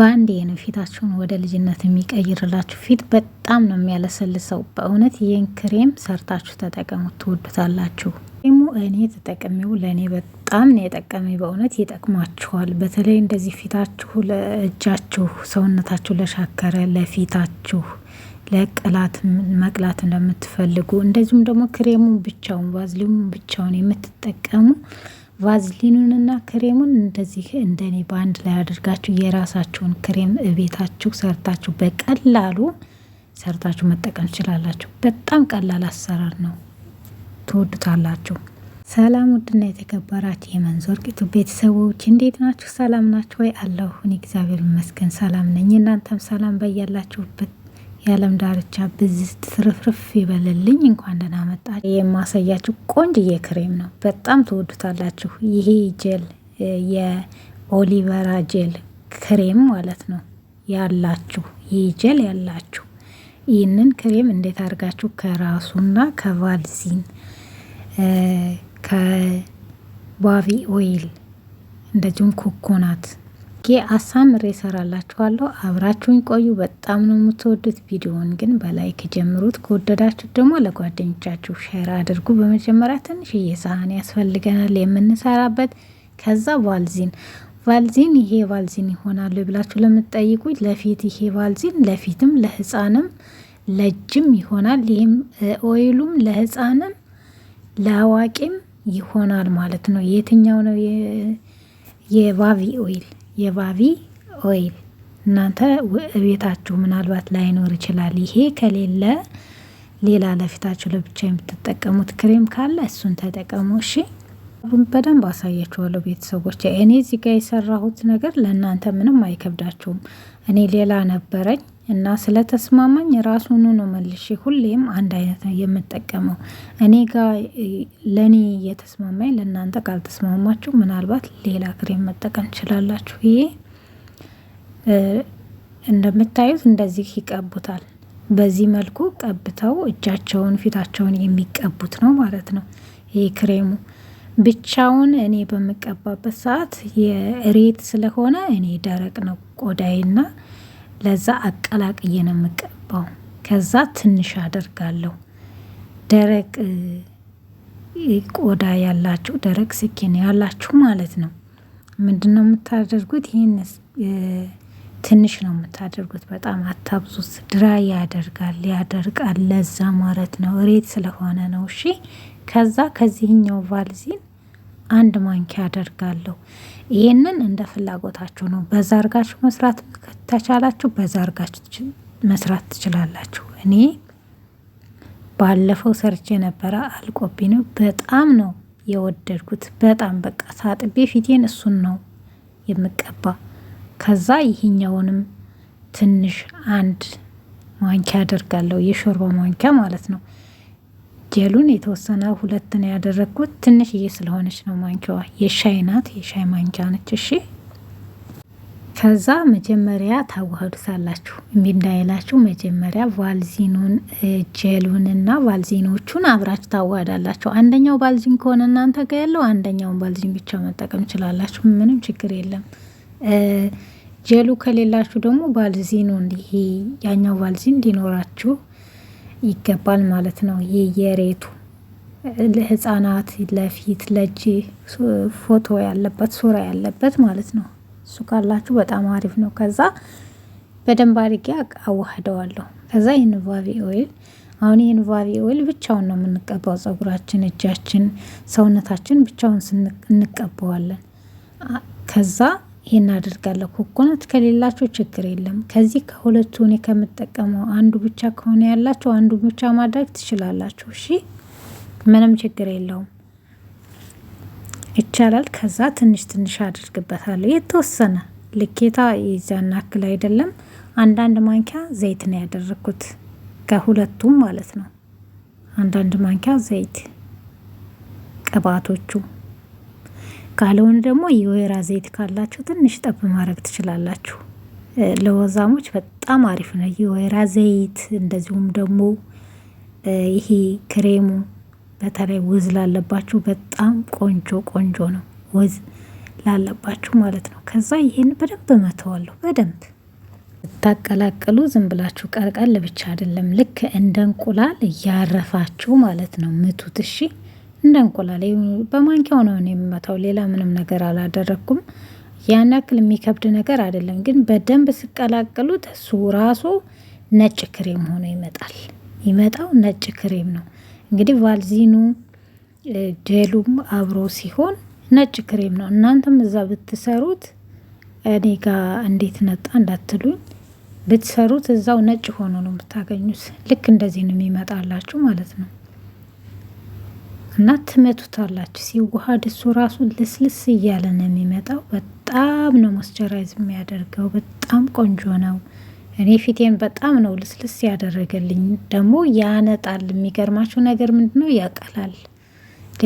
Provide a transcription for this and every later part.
በአንድ ነው ፊታችሁን ወደ ልጅነት የሚቀይርላችሁ ፊት በጣም ነው የሚያለሰልሰው። በእውነት ይህን ክሬም ሰርታችሁ ተጠቀሙ፣ ትወዱታላችሁ። ክሬሙ እኔ ተጠቅሜው ለእኔ በጣም ነው የጠቀሜ። በእውነት ይጠቅማችኋል። በተለይ እንደዚህ ፊታችሁ፣ ለእጃችሁ፣ ሰውነታችሁ ለሻከረ ለፊታችሁ ለቅላት መቅላት እንደምትፈልጉ እንደዚሁም ደግሞ ክሬሙን ብቻውን ቫዝሊኑን ብቻውን የምትጠቀሙ ቫዝሊኑንና ክሬሙን እንደዚህ እንደኔ በአንድ ላይ አድርጋችሁ የራሳችሁን ክሬም እቤታችሁ ሰርታችሁ በቀላሉ ሰርታችሁ መጠቀም ትችላላችሁ። በጣም ቀላል አሰራር ነው፣ ትወዱታላችሁ። ሰላም ውድና የተከበራችሁ የመንዞርቂቱ ቤተሰቦች እንዴት ናችሁ? ሰላም ናችሁ ወይ? አለሁ እግዚአብሔር ይመስገን ሰላም ነኝ። እናንተም ሰላም በያላችሁበት የዓለም ዳርቻ ብዝት ትርፍርፍ ይበልልኝ። እንኳን ደህና መጣ። የማሳያችሁ ቆንጅዬ ክሬም ነው፣ በጣም ትወዱታላችሁ። ይሄ ጀል የኦሊቨራ ጀል ክሬም ማለት ነው ያላችሁ፣ ይህ ጀል ያላችሁ ይህንን ክሬም እንዴት አድርጋችሁ ከራሱና ከቫልዚን ከባቪ ኦይል እንደዚሁም ኮኮናት አሳምሬ እሰራላችኋለሁ። አብራችሁኝ ቆዩ። በጣም ነው የምትወዱት። ቪዲዮውን ግን በላይክ ጀምሩት። ከወደዳችሁት ደግሞ ለጓደኞቻችሁ ሼር አድርጉ። በመጀመሪያ ትንሽዬ ሳህን ያስፈልገናል የምንሰራበት። ከዛ ቫልዚን ቫልዚን ይሄ ቫልዚን ይሆናሉ ብላችሁ ለምትጠይቁኝ ለፊት ይሄ ቫልዚን ለፊትም ለህፃንም ለእጅም ይሆናል። ይህም ኦይሉም ለህፃንም ለአዋቂም ይሆናል ማለት ነው። የትኛው ነው የቫቪ ኦይል? የባቢ ኦይል እናንተ ቤታችሁ ምናልባት ላይኖር ይችላል። ይሄ ከሌለ ሌላ ለፊታችሁ ለብቻ የምትጠቀሙት ክሬም ካለ እሱን ተጠቀሙ እሺ። በደንብ አሳያችኋለሁ ቤተሰቦች። እኔ እዚህ ጋር የሰራሁት ነገር ለእናንተ ምንም አይከብዳችሁም። እኔ ሌላ ነበረኝ እና ስለተስማማኝ ራሱኑ ነው መልሼ ሁሌም አንድ አይነት ነው የምጠቀመው። እኔ ጋር ለእኔ እየተስማማኝ ለእናንተ ካልተስማማችሁ ምናልባት ሌላ ክሬም መጠቀም ትችላላችሁ። ይሄ እንደምታዩት እንደዚህ ይቀቡታል። በዚህ መልኩ ቀብተው እጃቸውን፣ ፊታቸውን የሚቀቡት ነው ማለት ነው ይሄ ክሬሙ ብቻውን እኔ በምቀባበት ሰዓት የሬት ስለሆነ እኔ ደረቅ ነው ቆዳዬና ለዛ አቀላቅዬ ነው የምቀባው። ከዛ ትንሽ አደርጋለሁ። ደረቅ ቆዳ ያላችሁ ደረቅ ስኪን ያላችሁ ማለት ነው ምንድነው የምታደርጉት? ይህን ትንሽ ነው የምታደርጉት። በጣም አታብዙት። ድራይ ያደርጋል ያደርቃል። ለዛ ማለት ነው ሬት ስለሆነ ነው። እሺ ከዛ ከዚህኛው ቫልዚን አንድ ማንኪያ አደርጋለሁ። ይህንን እንደ ፍላጎታችሁ ነው። በዛ አርጋችሁ መስራት ከተቻላችሁ በዛ አርጋችሁ መስራት ትችላላችሁ። እኔ ባለፈው ሰርቼ የነበረ አልቆብኝ ነው። በጣም ነው የወደድኩት። በጣም በቃ ሳጥቤ ፊቴን እሱን ነው የምቀባ ከዛ ይሄኛውንም ትንሽ አንድ ማንኪያ አደርጋለሁ፣ የሾርባ ማንኪያ ማለት ነው። ጀሉን የተወሰነ ሁለት ነው ያደረግኩት፣ ትንሽዬ ስለሆነች ነው ማንኪያዋ። የሻይ ናት፣ የሻይ ማንኪያ ነች። እሺ ከዛ መጀመሪያ ታዋህዱታላችሁ። እምቢ እንዳይላችሁ መጀመሪያ ቫልዚኑን ጀሉንና ቫልዚኖቹን አብራችሁ ታዋህዳላችሁ። አንደኛው ቫልዚን ከሆነ እናንተ ጋ ያለው አንደኛውን ቫልዚን ብቻ መጠቀም ይችላላችሁ። ምንም ችግር የለም። ጀሉ ከሌላችሁ ደግሞ ቫልዚኑን ይሄ ያኛው ቫልዚን ሊኖራችሁ ይገባል ማለት ነው። ይሄ የሬቱ ለህጻናት ለፊት ለእጅ ፎቶ ያለበት ሱራ ያለበት ማለት ነው። እሱ ካላችሁ በጣም አሪፍ ነው። ከዛ በደንብ አድርጌ አዋህደዋለሁ። ከዛ የንቫቪ ኦይል አሁን የንቫቪ ኦይል ብቻውን ነው የምንቀባው። ጸጉራችን፣ እጃችን፣ ሰውነታችን ብቻውን እንቀባዋለን ከዛ ይህን አድርጋለሁ። ኮኮናት ከሌላቸው ችግር የለም። ከዚህ ከሁለቱ እኔ ከምጠቀመው አንዱ ብቻ ከሆነ ያላቸው አንዱ ብቻ ማድረግ ትችላላችሁ። እሺ ምንም ችግር የለውም ይቻላል። ከዛ ትንሽ ትንሽ አድርግበታለሁ የተወሰነ ልኬታ የዛን አክል አይደለም። አንዳንድ ማንኪያ ዘይት ነው ያደረግኩት ከሁለቱም ማለት ነው። አንዳንድ ማንኪያ ዘይት ቅባቶቹ ካልሆነ ደግሞ የወይራ ዘይት ካላችሁ ትንሽ ጠብ ማድረግ ትችላላችሁ። ለወዛሞች በጣም አሪፍ ነው የወይራ ዘይት። እንደዚሁም ደግሞ ይሄ ክሬሙ በተለይ ወዝ ላለባችሁ በጣም ቆንጆ ቆንጆ ነው፣ ወዝ ላለባችሁ ማለት ነው። ከዛ ይሄን በደንብ መተዋለሁ። በደንብ ታቀላቅሉ። ዝም ብላችሁ ቀልቀል ብቻ አይደለም፣ ልክ እንደ እንቁላል እያረፋችሁ ማለት ነው ምቱት። እሺ እንደ እንቁላል በማንኪያው ነው የምመታው። ሌላ ምንም ነገር አላደረግኩም። ያን ያክል የሚከብድ ነገር አይደለም፣ ግን በደንብ ስቀላቅሉት እሱ ራሱ ነጭ ክሬም ሆኖ ይመጣል። ይመጣው ነጭ ክሬም ነው እንግዲህ ቫልዚኑ ጄሉም አብሮ ሲሆን ነጭ ክሬም ነው። እናንተም እዛ ብትሰሩት እኔ ጋ እንዴት ነጣ እንዳትሉኝ፣ ብትሰሩት እዛው ነጭ ሆኖ ነው የምታገኙት። ልክ እንደዚህ ነው የሚመጣላችሁ ማለት ነው። እና ትመቱታላችሁ። ሲዋሃድ እሱ ራሱ ልስልስ እያለ ነው የሚመጣው። በጣም ነው ሞስቸራይዝ የሚያደርገው። በጣም ቆንጆ ነው። እኔ ፊቴን በጣም ነው ልስልስ ያደረገልኝ። ደግሞ ያነጣል። የሚገርማችሁ ነገር ምንድን ነው ያቀላል፣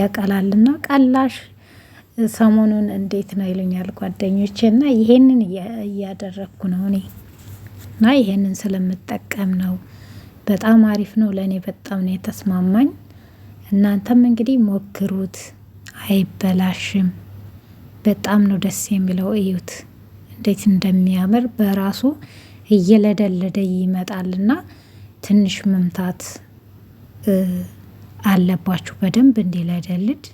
ያቀላልና ቀላሽ ሰሞኑን እንዴት ነው ይሉኛል ጓደኞቼ እና ይሄንን እያደረግኩ ነው እኔ እና ይሄንን ስለምጠቀም ነው። በጣም አሪፍ ነው። ለእኔ በጣም ነው የተስማማኝ። እናንተም እንግዲህ ሞክሩት፣ አይበላሽም። በጣም ነው ደስ የሚለው። እዩት እንዴት እንደሚያምር በራሱ እየለደለደ ይመጣልና ትንሽ መምታት አለባችሁ በደንብ እንዲለደልድ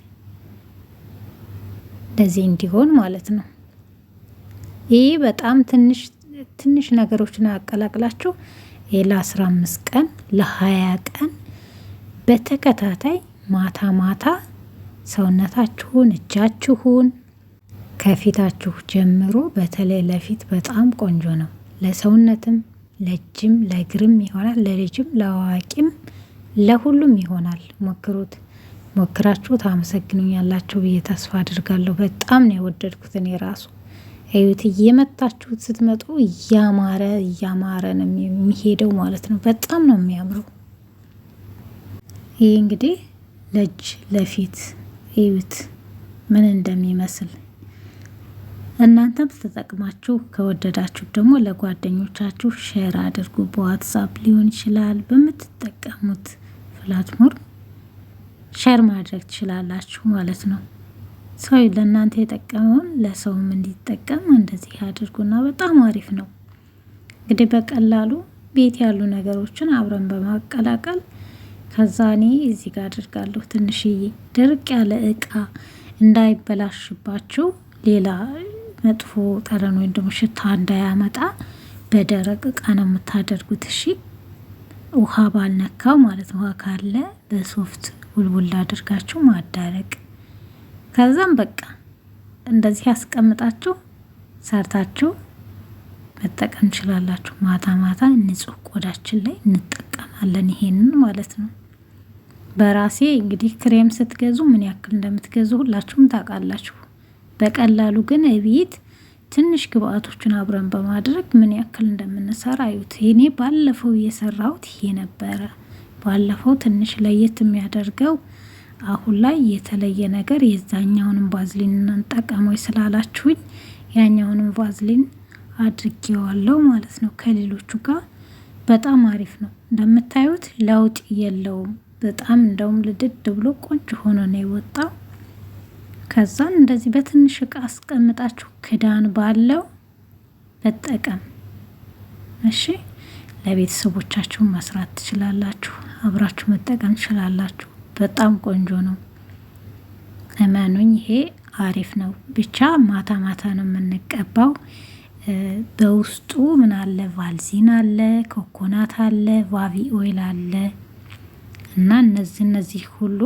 እንደዚህ እንዲሆን ማለት ነው። ይህ በጣም ትንሽ ትንሽ ነገሮችን አቀላቅላችሁ ለአስራ አምስት ቀን ለሀያ ቀን በተከታታይ ማታ ማታ ሰውነታችሁን፣ እጃችሁን ከፊታችሁ ጀምሮ በተለይ ለፊት በጣም ቆንጆ ነው። ለሰውነትም፣ ለእጅም፣ ለእግርም ይሆናል። ለልጅም፣ ለአዋቂም፣ ለሁሉም ይሆናል። ሞክሩት። ሞክራችሁ ታመሰግኑኛላችሁ ብዬ ተስፋ አድርጋለሁ። በጣም ነው የወደድኩት እኔ ራሱ እዩት። እየመታችሁት ስትመጡ እያማረ እያማረ ነው የሚሄደው ማለት ነው። በጣም ነው የሚያምረው። ይህ እንግዲህ ለእጅ ለፊት እዩት ምን እንደሚመስል። እናንተም ተጠቅማችሁ ከወደዳችሁ ደግሞ ለጓደኞቻችሁ ሼር አድርጉ። በዋትሳፕ ሊሆን ይችላል። በምትጠቀሙት ፕላትፎርም ሼር ማድረግ ትችላላችሁ ማለት ነው። ሰው ለእናንተ የጠቀመውን ለሰውም እንዲጠቀም እንደዚህ አድርጉና በጣም አሪፍ ነው። እንግዲህ በቀላሉ ቤት ያሉ ነገሮችን አብረን በማቀላቀል ከዛ እኔ እዚህ ጋር አድርጋለሁ። ትንሽዬ ድርቅ ያለ እቃ እንዳይበላሽባችሁ ሌላ መጥፎ ጠረን ወይም ደግሞ ሽታ እንዳያመጣ በደረቅ እቃ ነው የምታደርጉት። እሺ ውሃ ባልነካው ማለት ውሃ ካለ በሶፍት ውልውል አድርጋችሁ ማዳረቅ። ከዛም በቃ እንደዚህ ያስቀምጣችሁ ሰርታችሁ መጠቀም እንችላላችሁ። ማታ ማታ ንጹህ ቆዳችን ላይ እንጠቀማለን ይሄንን ማለት ነው። በራሴ እንግዲህ ክሬም ስትገዙ ምን ያክል እንደምትገዙ ሁላችሁም ታውቃላችሁ። በቀላሉ ግን እቤት ትንሽ ግብአቶችን አብረን በማድረግ ምን ያክል እንደምንሰራ አዩት። እኔ ባለፈው የሰራሁት ይሄ ነበረ። ባለፈው ትንሽ ለየት የሚያደርገው አሁን ላይ የተለየ ነገር የዛኛውንም ቫዝሊን እንጠቀሞች ስላላችሁኝ ያኛውንም ቫዝሊን አድርጌዋለሁ ማለት ነው። ከሌሎቹ ጋር በጣም አሪፍ ነው። እንደምታዩት ለውጥ የለውም በጣም እንደውም ልድድ ብሎ ቆንጆ ሆኖ ነው የወጣው። ከዛን እንደዚህ በትንሽ እቃ አስቀምጣችሁ ክዳን ባለው መጠቀም እሺ፣ ለቤተሰቦቻችሁ መስራት ትችላላችሁ። አብራችሁ መጠቀም ትችላላችሁ። በጣም ቆንጆ ነው። እመኑኝ ይሄ አሪፍ ነው። ብቻ ማታ ማታ ነው የምንቀባው። በውስጡ ምን አለ? ቫልዚን አለ፣ ኮኮናት አለ፣ ቫቪ ኦይል አለ እና እነዚህ እነዚህ ሁሉ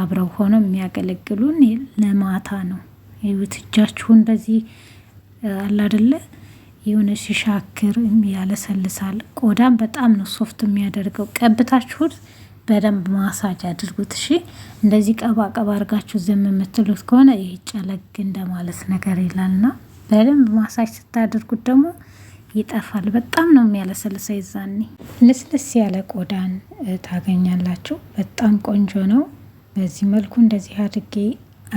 አብረው ሆነው የሚያገለግሉን ለማታ ነው። ይዩት እጃችሁን በዚህ የሆነ ሲሻክር ያለሰልሳል። ቆዳን በጣም ነው ሶፍት የሚያደርገው። ቀብታችሁት በደንብ ማሳጅ አድርጉት። እሺ እንደዚህ ቀባቀባ ቀባ አድርጋችሁ ዝም የምትሉት ከሆነ ይህ ጨለግ እንደማለት ነገር ይላልና በደንብ ማሳጅ ስታደርጉት ደግሞ ይጠፋል። በጣም ነው የሚያለሰልሰው። ይዛኔ ልስልስ ያለ ቆዳን ታገኛላችሁ። በጣም ቆንጆ ነው። በዚህ መልኩ እንደዚህ አድርጌ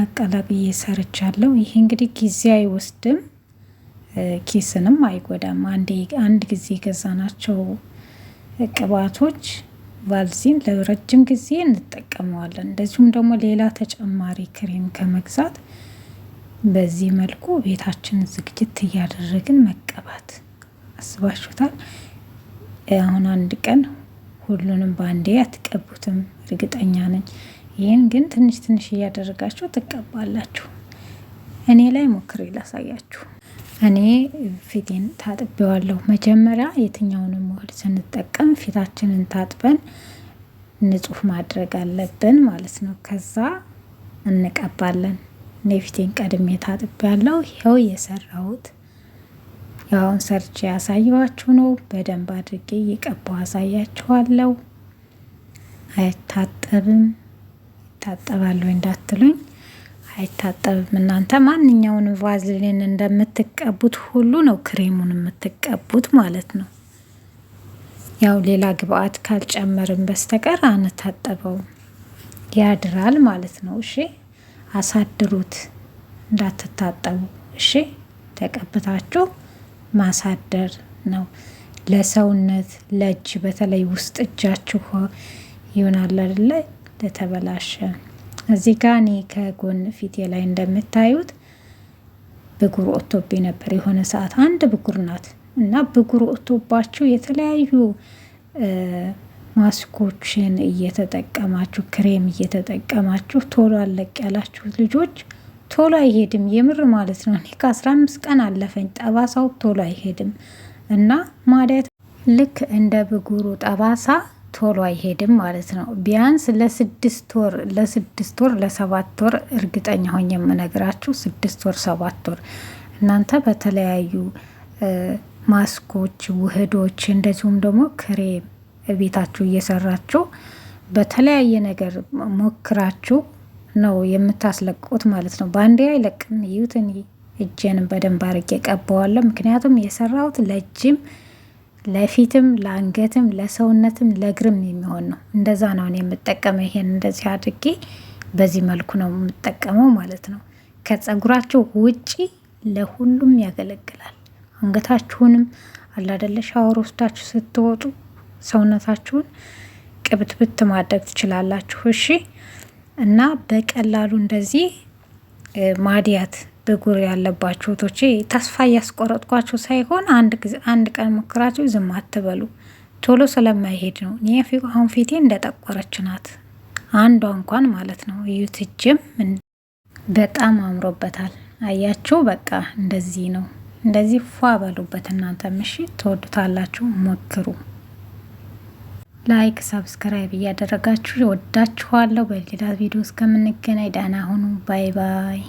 አቀላቅዬ ሰርቻለሁ። ይሄ እንግዲህ ጊዜ አይወስድም፣ ኪስንም አይጎዳም። አንድ ጊዜ ናቸው ቅባቶች ቫልዚን ለረጅም ጊዜ እንጠቀመዋለን። እንደዚሁም ደግሞ ሌላ ተጨማሪ ክሬም ከመግዛት በዚህ መልኩ ቤታችን ዝግጅት እያደረግን መቀባት አስባችሁታል። አሁን አንድ ቀን ሁሉንም በአንዴ አትቀቡትም፣ እርግጠኛ ነኝ። ይህን ግን ትንሽ ትንሽ እያደረጋችሁ ትቀባላችሁ። እኔ ላይ ሞክሬ ላሳያችሁ። እኔ ፊቴን ታጥቤዋለሁ። መጀመሪያ የትኛውንም ውህድ ስንጠቀም ፊታችንን ታጥበን ንጹህ ማድረግ አለብን ማለት ነው። ከዛ እንቀባለን። እኔ ፊቴን ቀድሜ ታጥብ ያለው ይኸው የሰራሁት ያውን ሰርች ያሳየዋችሁ ነው። በደንብ አድርጌ እየቀባው አሳያችኋለሁ። አይታጠብም ይታጠባለሁ እንዳትሉኝ አይታጠብም። እናንተ ማንኛውንም ቫዝሊን እንደምትቀቡት ሁሉ ነው ክሬሙን የምትቀቡት ማለት ነው። ያው ሌላ ግብአት ካልጨመርን በስተቀር አንታጠበውም። ያድራል ማለት ነው። እሺ አሳድሩት እንዳትታጠቡ። እሺ ተቀብታችሁ ማሳደር ነው። ለሰውነት ለእጅ በተለይ ውስጥ እጃችሁ ይሆናል አይደለ? ለተበላሸ እዚህ ጋ እኔ ከጎን ፊቴ ላይ እንደምታዩት ብጉር ኦቶቤ ነበር የሆነ ሰዓት። አንድ ብጉር ናት እና ብጉር ኦቶባችሁ የተለያዩ ማስኮችን እየተጠቀማችሁ ክሬም እየተጠቀማችሁ ቶሎ አለቅ ያላችሁ ልጆች ቶሎ አይሄድም። የምር ማለት ነው። እኔ ከአስራ አምስት ቀን አለፈኝ ጠባሳው ቶሎ አይሄድም እና ማዳት ልክ እንደ ብጉሩ ጠባሳ ቶሎ አይሄድም ማለት ነው። ቢያንስ ለስድስት ወር ለስድስት ወር ለሰባት ወር እርግጠኛ ሆኜ የምነግራችሁ ስድስት ወር ሰባት ወር እናንተ በተለያዩ ማስኮች፣ ውህዶች እንደዚሁም ደግሞ ክሬም ቤታችሁ እየሰራችሁ በተለያየ ነገር ሞክራችሁ ነው የምታስለቁት ማለት ነው። በአንዴ አይለቅም። ይዩትን እጄንም በደንብ አርጌ ቀባዋለሁ። ምክንያቱም የሰራሁት ለእጅም ለፊትም ለአንገትም ለሰውነትም ለእግርም የሚሆን ነው። እንደዛ ነው እኔ የምጠቀመው። ይሄን እንደዚህ አድርጌ በዚህ መልኩ ነው የምጠቀመው ማለት ነው። ከጸጉራችሁ ውጪ ለሁሉም ያገለግላል። አንገታችሁንም አላደለ ሻወር ወስዳችሁ ስትወጡ ሰውነታችሁን ቅብትብት ማድረግ ትችላላችሁ። እሺ እና በቀላሉ እንደዚህ ማዲያት ብጉር ያለባችሁ እህቶቼ ተስፋ እያስቆረጥኳችሁ ሳይሆን አንድ ቀን ሞክራችሁ ዝም አትበሉ። ቶሎ ስለማይሄድ ነው። እኔ አሁን ፊቴ እንደጠቆረች ናት። አንዷ እንኳን ማለት ነው እዩትጅም በጣም አምሮበታል። አያችሁ፣ በቃ እንደዚህ ነው። እንደዚህ ፏ በሉበት እናንተ ምሽ ትወዱታላችሁ፣ ሞክሩ። ላይክ ሰብስክራይብ እያደረጋችሁ ወዳችኋለሁ። በሌላ ቪዲዮ እስከምንገናኝ ደህና ሁኑ። ባይ ባይ።